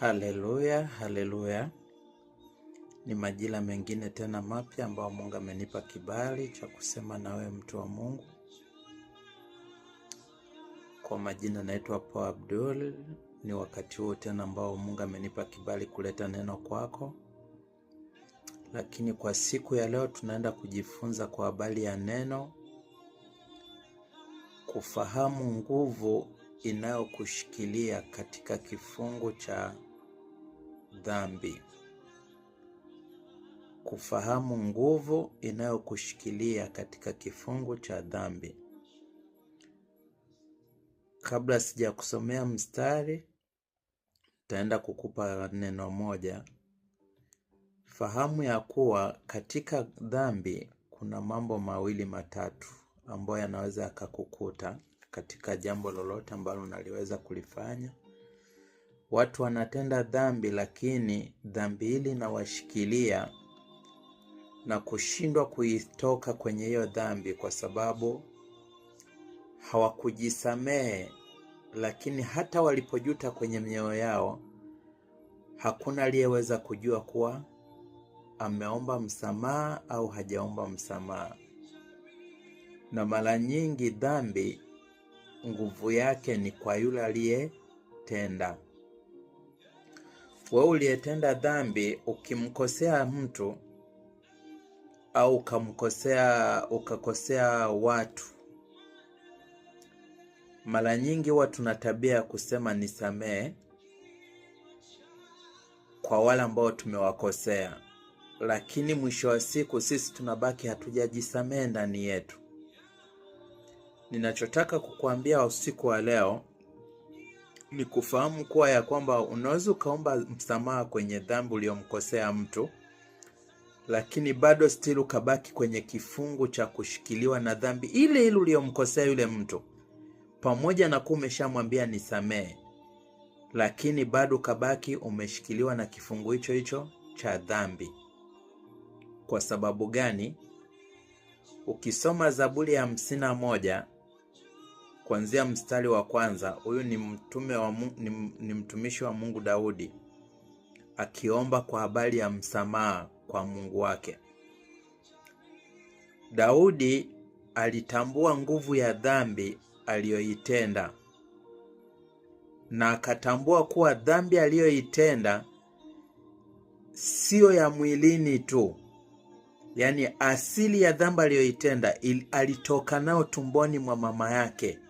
Haleluya, haleluya! Ni majira mengine tena mapya ambayo Mungu amenipa kibali cha kusema nawe mtu wa Mungu. Kwa majina naitwa Paul Abdul. Ni wakati huo tena ambao Mungu amenipa kibali kuleta neno kwako, lakini kwa siku ya leo tunaenda kujifunza kwa habari ya neno, kufahamu nguvu inayokushikilia katika kifungu cha dhambi, kufahamu nguvu inayokushikilia katika kifungu cha dhambi. Kabla sijakusomea mstari, nitaenda kukupa neno moja. Fahamu ya kuwa katika dhambi kuna mambo mawili matatu ambayo yanaweza yakakukuta katika jambo lolote ambalo unaliweza kulifanya Watu wanatenda dhambi, lakini dhambi hili inawashikilia na kushindwa kuitoka kwenye hiyo dhambi, kwa sababu hawakujisamehe. Lakini hata walipojuta kwenye mioyo yao, hakuna aliyeweza kujua kuwa ameomba msamaha au hajaomba msamaha. Na mara nyingi dhambi nguvu yake ni kwa yule aliyetenda wewe uliyetenda dhambi ukimkosea mtu au ukamkosea ukakosea watu, mara nyingi huwa tuna tabia ya kusema nisamee kwa wale ambao tumewakosea, lakini mwisho wa siku sisi tunabaki hatujajisamee ndani yetu. Ninachotaka kukuambia usiku wa leo ni kufahamu kuwa ya kwamba unaweza ukaomba msamaha kwenye dhambi uliyomkosea mtu, lakini bado still ukabaki kwenye kifungu cha kushikiliwa na dhambi ile ile uliyomkosea yule mtu, pamoja na kuwa umeshamwambia nisamehe, lakini bado ukabaki umeshikiliwa na kifungu hicho hicho cha dhambi. Kwa sababu gani? Ukisoma Zaburi ya hamsini na moja kuanzia mstari wa kwanza. Huyu ni mtume wa Mungu, ni, ni mtumishi wa Mungu Daudi akiomba kwa habari ya msamaha kwa Mungu wake. Daudi alitambua nguvu ya dhambi aliyoitenda na akatambua kuwa dhambi aliyoitenda siyo ya mwilini tu, yaani asili ya dhambi aliyoitenda alitoka nayo tumboni mwa mama yake.